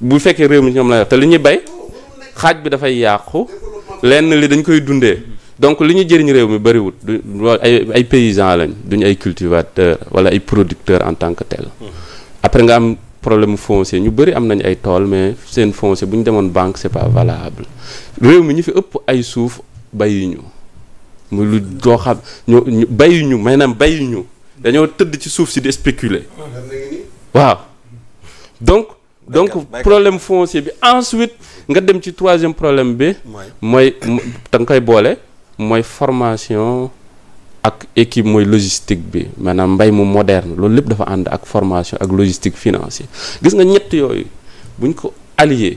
bu fekkee réew mi ñoom la yor te lu ñu bay xaaj bi dafay yàqu lenn li dañ koy dundee donc li ñu jëriñ réew mi bëriwut ay ay paysans lañ duñ ay cultivateurs wala ay producteurs en tant que tel. après nga am problème foncier ñu bëri am nañ ay tool mais seen foncier bu ñu demoon banque c'est pas valable réew mi ñu fi ëpp ay suuf bayuñu mu lu loo xam ñu bayuñu maanaam ñu dañoo tëdd ci suuf si di spéculer waaw donc. donc problème foncier bi ensuite nga dem ci troisième problème bi. mooy mooy da nga koy boole. mooy formation ak équipe mooy logistique bi maanaam mbay mu moderne loolu lépp dafa ànd ak formation ak logistique financier gis nga ñett yooyu buñ ko allié.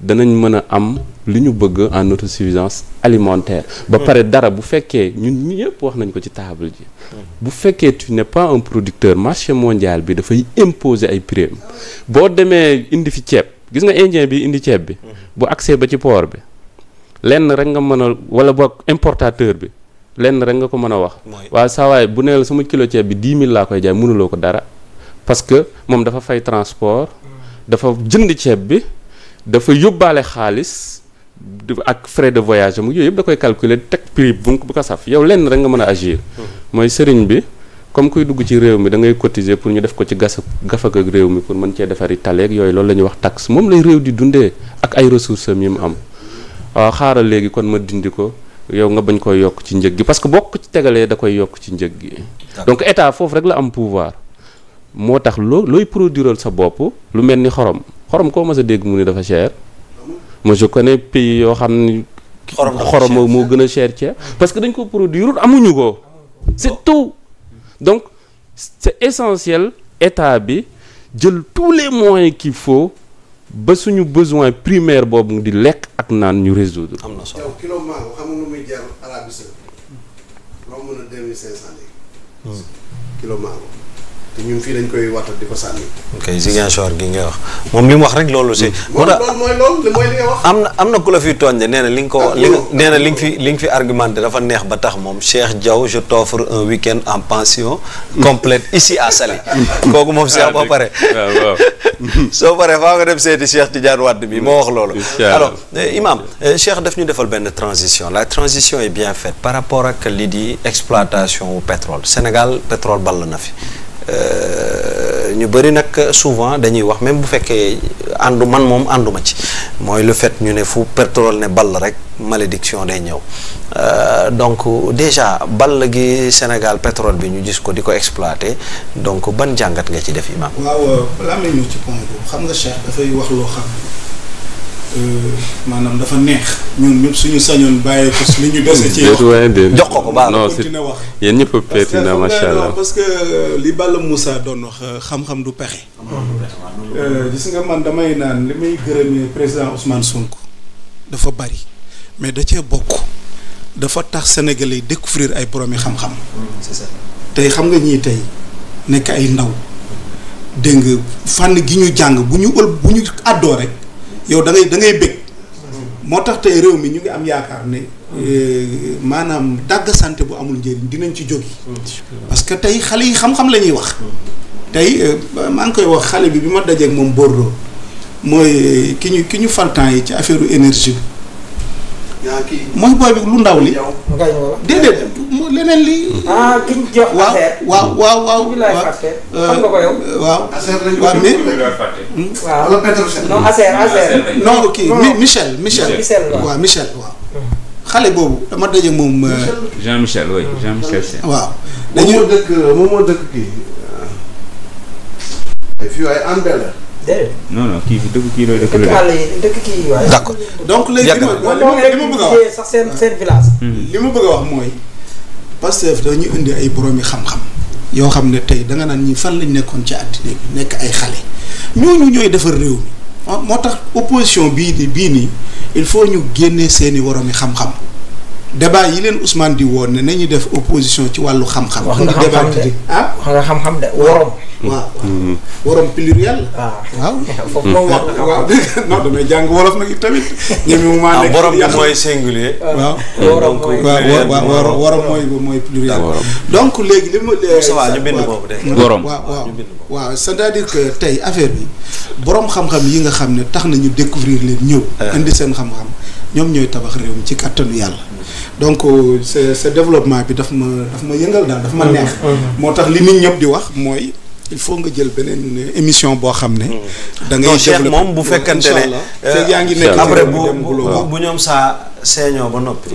danañ mën a am li ñu bëgg en suffisance alimentaire ba hmm. pare dara bu fekkee ñun ñëpp wax nañ ko ci table ji hmm. bu fekkee tu ne pas un producteur marché mondial bi dafay imposer ay prix boo demee indi fi ceeb gis nga indien bi indi ceeb bi hmm. bu accès ba ci port bi lenn rek nga mën a wala boog importateur bi lenn rek nga ko mën a wax waaw saawaay bu nee la sama kilo ceeb bi dix mille laa koy jaay mënuloo ko dara parce que moom dafa fay transport dafa jënd ceeb bi dafa yóbbaale xaalis ak frais de voyage am yooyu yëpp da koy calculer teg prix bu bu ko saf yow lenn rek nga mën a agir. Hmm. mooy sëriñ bi comme kuy dugg ci réew mi da ngay cotiser pour ñu def ko ci gas gafak ak réew mi pour mën cee defari taleeg yooyu loolu la wax taxe moom lay réew di dundee ak ay ressources am yi mu am waaw ah, xaaral léegi kon ma dindi ko. yow nga bañ koy yokk ci njëg gi parce que bokk ci tegalee da koy yokk ci njëg gi donc état foofu rek la am pouvoir moo tax loo looy produiral sa bopp lu mel ni xorom xorom koo mës a dégg mu ni dafa cher moi je pays yoo xam ni xorom moo gën a cher ceeb parce que dañ ko produire amuñu ko c'est tout donc c'est essentiel état bi jël tous les moyens qu'il faut ba suñu besoin primaire boobu di lekk ak naan ñu résoudre am kilo mango a deux te ñun fii dañ koy watat di ko sànni. ok Ziguinchor gi wax moom li mu wax rek loolu si. moo am na am na ku la nee na li nga ko. Ah, li nee na li nga fi li nga fi argumenté dafa neex ba tax moom Cheikh Diaw je t'offre un week-end en pension. complète ici à Saly. kooku moom Cheikh boo pare. Ah, waaw soo paree faa nga dem seeti Cheikh Tidiane Wade bi moo wax loolu. alors eh, Imaam eh, Cheikh def ñu defal benn transition la transition est bien faite par rapport ak li di exploitation wu pétrole Sénégal pétrole ball na fi. Euh, ñu bëri nag souvent dañuy wax même bu fekkee àndu man moom ànduma ci mooy le fait ñu ne fu pétrole ne ball rek malédiction day ñëw euh, donc déjà ball gi Sénégal pétrole bi ñu gis ko di ko exploité donc ban jàngat nga ci def imam waaw balaa ñëw ci point xam nga Cheikh dafay wax loo xam Euh, maanaam dafa neex ñun ñëpp suñu sañoon bàyyi ko li ñu dese ci wax jox ko ko baax non wax yéen ñëpp a pertinent macha allah parce que euh, li Balla musa doon wax euh, xam-xam du pexe gis nga man damay naan li may gërëmee président Ousmane Sonko dafa bari mais da cee bokk dafa tax Sénégalais yi découvrir ay boroomi xam-xam tey xam nga ñii tey nekk ay ndaw dégg nga fànn gi ñu jàng bu ñu ël bu ñu àddoo rek yow da ngay da ngay moo tax tey réew mi ñu ngi am yaakaar ne euh, maanaam dàgg santé bu amul njëriñ dinañ ci jógi parce que tey xale yi xam-xam la ñuy wax tey euh, maa ngi koy wax xale bi bi ma dajeeg moom Bordeaux mooy euh, ki ñu ki ñu fal yi ci affaire énergie bi mooy booy bi lu ndaw li déedéet leneen li. ah ki ñu jox affaire. waaw waaw waaw waaw. Euh, xam nga ko yow. affaire lañu waaw mais. Hmm? waaw wala Petrosen. non affaire affaire. Hmm. xale boobu dama daje moom. Jean euh, Michel oui hmm. Jean Michel Sène. waaw dañu moom moo moom moo dëkk kii. Euh, ay kii dëkk kii looy dëkk. donc léegi li ma li ma a wax sax li ma bëgg mooy. Pastef ñu indi ay boroomi xam-xam yoo xam ne tey danga naan ñi fan lañ nekkoon ci àddina bi nekk ay xale ñooñu ñooy defar réew mi ah, moo tax opposition bii ni bii nii il faut ñu génnee seeni woromi xam-xam débat yi leen Ousmane di woon ne nañu def opposition ci wàllu xam-xam. wax nga xam-xam ah? de ah waaw waroon pluriel la. waaw foofu moom wax na waaw non damay jàng wolof ah, mooy waaw mooy pluriel waaw waroon léegi li ma. Eh, waaw ñu bind de. waroon waaw waaw cest dire que tey affaire bi borom xam-xam yi nga xam ne tax nañu découvrir leen ñëw. Ah. indi seen xam-xam ñoom ñooy tabax réew mi ci kattanu yàlla. donc sa euh, sa développement bi dafa ma daf ma yëngal daal daf ma neex. Mm-hmm. moo tax li nit ñëpp di wax mooy. il faut nga jël beneen euh, émission boo xam ne. Mm. da ngay développé moom bu fekkante ne. Euh, yaa ngi nekk après bu bu ñoom saa seeñoo ba noppi.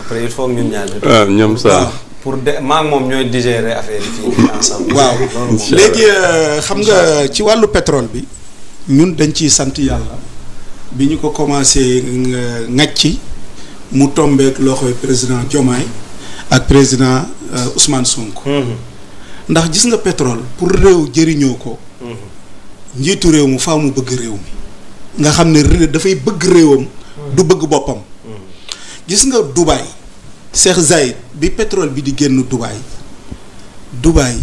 après il ñoom saa. pour de maa moom ñooy digérer affaire yi fii ensemble. waaw léegi euh, xam nga ci wàllu pétrole bi. ñun dañ ciy sant yàlla. bi ñu ko commencé ngaj ci mu tombeek loxoy président Diomaye ak président Ousmane Sonko. Mm-hmm. ndax gis nga petrole pour réew jëriñoo ko. njiitu réew mu faaw mu bëgg réew mi. nga xam ne dafay bëgg réewam. du mm. bëgg boppam. Mm. gis nga Dubaï. Cheikh Zayed bi pétrole bi di génn Dubaï. Dubaï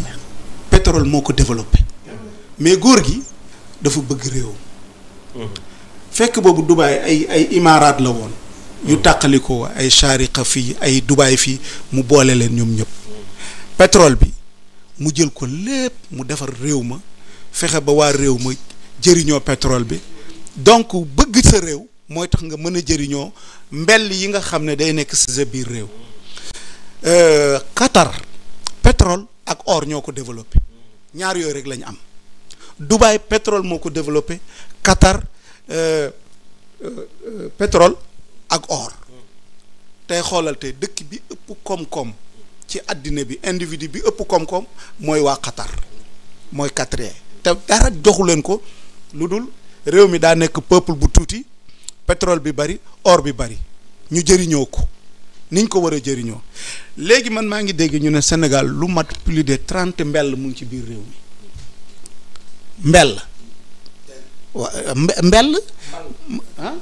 pétrole moo ko développé. mais góor gi dafa bëgg réewam. Mm. fekk boobu Dubaï ay ay imaaraat la woon. yu tàqalikoo ay chariqa fii ay Dubaï fii mu boole leen ñoom ñëpp. pétrole bi. mu jël ko lépp mu defar réew ma fexe ba waa réew ma jëriñoo pétrole bi donc bëgg sa réew mooy tax nga mën a jëriñoo mbell yi nga xam ne day nekk si sa biir réew euh, Qatar petrol ak or ñoo ko développé ñaar yooyu rek lañu am Dubaï pétrole moo ko développé Qatar euh, euh, pétrole ak or tey xoolal te dëkk bi ëpp koom-koom ci àddina bi individu bi ëpp koom-koom mooy waa Qatar mooy Qatar te dara joxu leen ko lu dul réew mi daa nekk peuple bu tuuti pétrole bi bari or bi bari ñu jëriñoo ko niñ ko war a jëriñoo léegi man maa ngi dégg ñu ne Sénégal lu mat plus de trente mbell mu ngi ci biir réew mi mbell wa euh, mbell ah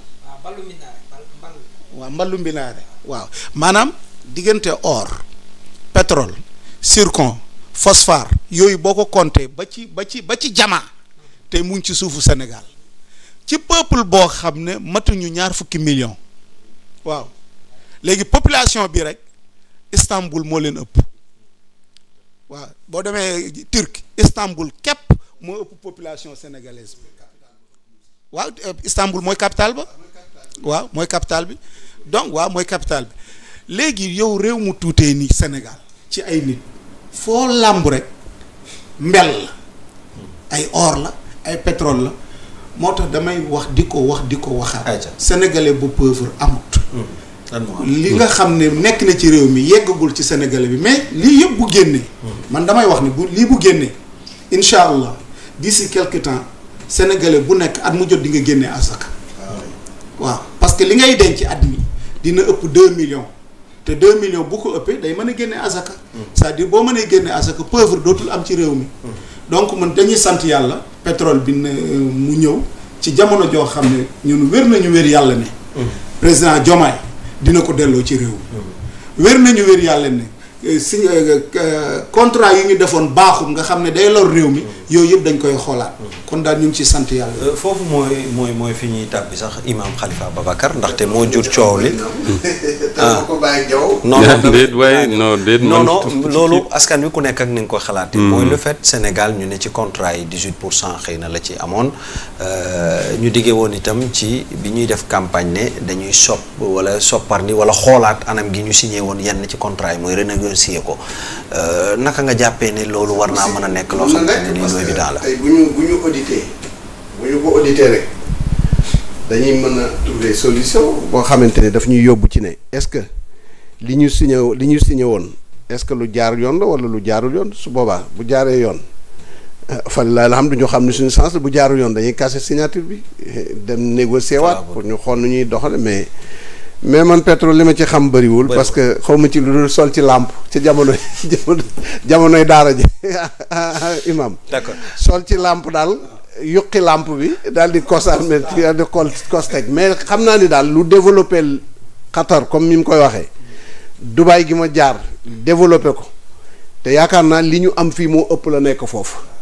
mbinaare waaw maanaam diggante or pétrole zircon phosphore yooyu boo ko compté ba ci ba ci ba ci jamaa te mu ngi ci suufu Sénégal ci peuple boo xam ne matuñu ñaar fukki million waaw léegi population bi rek Istanbul moo leen ëpp waaw boo demee Turc Istanbul kepp moo ëpp population sénégalaise bi waaw Istanbul mooy capitale ba waaw mooy capital bi donc waaw mooy capital bi léegi yow réew mu tuutee nii Sénégal ci ay nit foo làmb rek mbel la ay or la ay pétrole la moo tax damay wax di ko wax di ko waxaat sénégalais bu pauvre amut hmm. li nga xam ne nekk na ci réew mi yeggagul ci sénégalais bi mais lii yëpp bu génnee hmm. man damay wax ni bu lii bu génnee incha allah di si quelque temps sénégalais bu nekk at mu jot di nga génnee assaka ah waaw parce que li ngay denc at mi dina ëpp deux millions te deux millions bu ko ëppee day mën a génne asaka cest à boo mënee génne asaka pauvre dootul am ci réew mi donc mën dañuy sant yàlla pétrole bi na mu ñëw ci jamono joo xam ne ñun wér nañu wér yàlla ne président Diomaye dina ko delloo ci réew mi wér nañu wér yàlla ne euh, si euh, euh, contrat yi ñu defoon baaxul nga xam ne day lor réew mi yooyu yëpp dañ koy xoolaat. kon daal ñu ngi ci sant yàlla. Euh, foofu mooy mooy mooy fi ñuy tàbbi sax imaam xalifa Ababacar ndaxte moo jur coow li. ah loolu askan wi ku nekk ak ni nga ko xalaatee. Hmm. mooy le fait Sénégal ñu ne ci contrat yi 18 pour cent xëy na la ci amoon euh, ñu diggee woon itam ci bi ñuy def campagne ne dañuy sopp wala soppar ni wala xoolaat anam gi ñu signé woon yenn ci contrat yi mooy renégocier ko euh, naka nga jàppee ne loolu war naa mën a nekk loo xam que évident la tey bu ñu audité bu ñu ko audité rek dañuy mën a trouver solution boo xamante ne daf ñuy yóbbu ci ne est-ce que li ñu signé li ñu signé woon est-ce que lu jaar yoon la wala lu jaarul yoon su boobaa bu jaaree yoon eh, fan la alhamdulilah ñu xam ne suñu sens la bu jaarul yoon dañuy casser signature bi eh, dem négocier waat ah, pour ñu xool nu ñuy doxale mais. mais man pétrole li ma ci xam bëriwul parce que xaw ma ci lu dul sol ci làmp ci jamono jamonoy daara ji imam d'accord sol ci làmp daal yuqi làmp bi dal di kosame daal di mais xam naa ni daal lu développé Qatar comme ni mu koy waxee Dubaï gi ma jaar développé ko te yaakaar naa li ñu am fii moo ëpp la nekk foofu